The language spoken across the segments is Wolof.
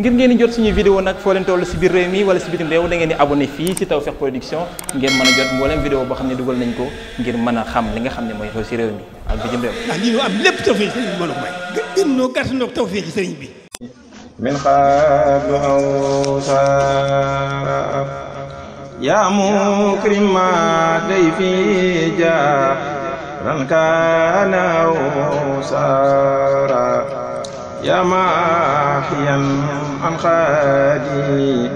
ngir ngeen di jot suñuy vidéo nag foo leen toll si biir réew mi wala si bitim réew da ngeen di abonné fii si Tawfekh Production ngeen mën a jot mboolem vidéo boo xam ne dugal nañ ko ngir mën a xam li nga xam ne mooy xew si réew mi ak bitim réew. ndax lii a may. gën noo yaa mukrima day fi jaar rankaana aw saara يا ماحيا عن خادي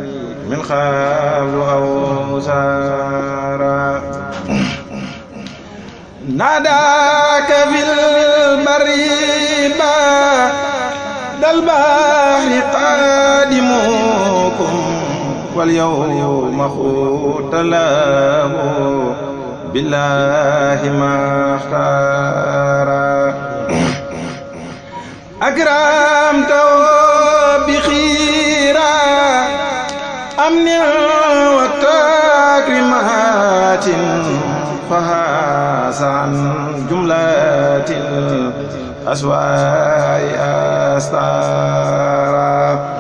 من خاب أو سارا ناداك في البر بعد البحر قادمكم واليوم ختلاه بالله ما اختار أكرمت بخيرا أمن وتكريمات فهاز عن جملة الأسواء أستارا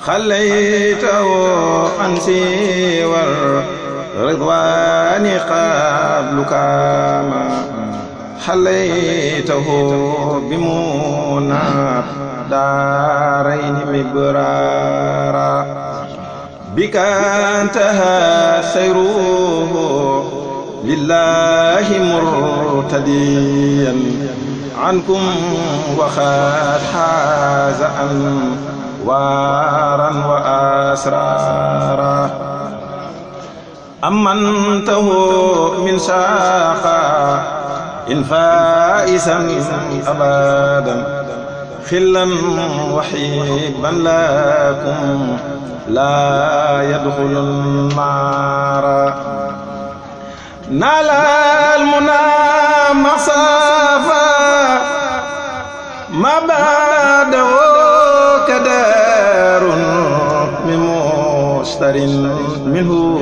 خليته عن سوى الرضوان قبلك ما حليته بمنى دارين مبرارا بك انتهى سيره لله مرتديا عنكم وخاد حاز أنوارا وأسرارا أمنته من ساقا إن فائسا أبدا خلا وحيبا لكم لا يدخل النار نال المنى مصافا ما بعده كدار من مشتر منه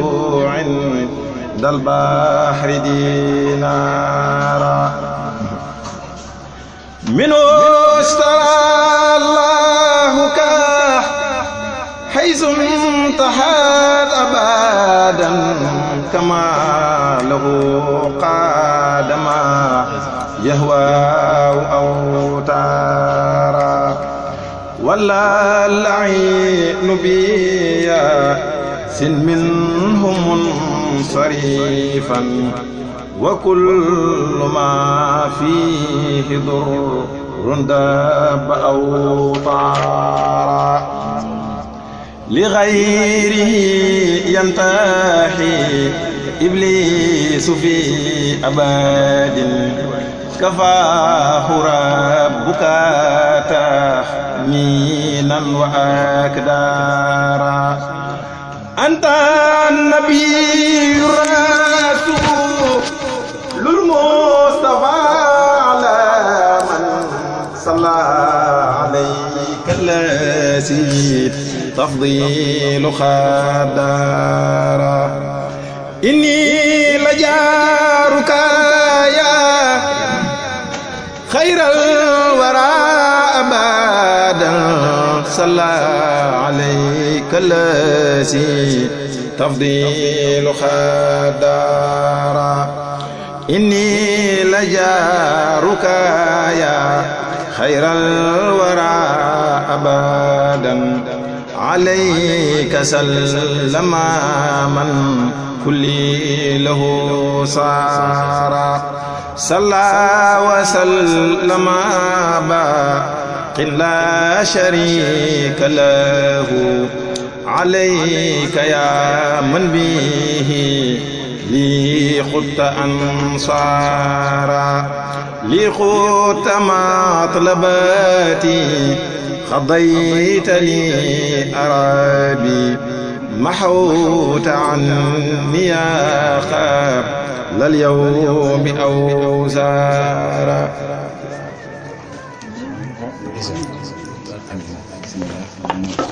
عند dal bahri dinaara minu istara allahu ka haysu intahat abadan kama lahu qaadama yahwaa awtaara wala al-aynu biya سن منهم منصرفا وكل ما فيه ضر داب أو طار لغيره ينتحي إبليس في أباد كفاه ربك تحمينا وأكدارا anta nabiyyu rasulul mustafa ala man salla alayka lasi tafdilu xadara inni la jaaruka ya xayral wara abadan salla كالذي تفضيل خدارا إني لجارك يا خير الورى أبدا عليك سلم من كل له صار صلى وسلم باق لا شريك له عليك يا من به لي خدت أنصارا لي خدت مطلباتي قضيت لي أرابي محوت عني آخر لليوم أوزارا Thank you.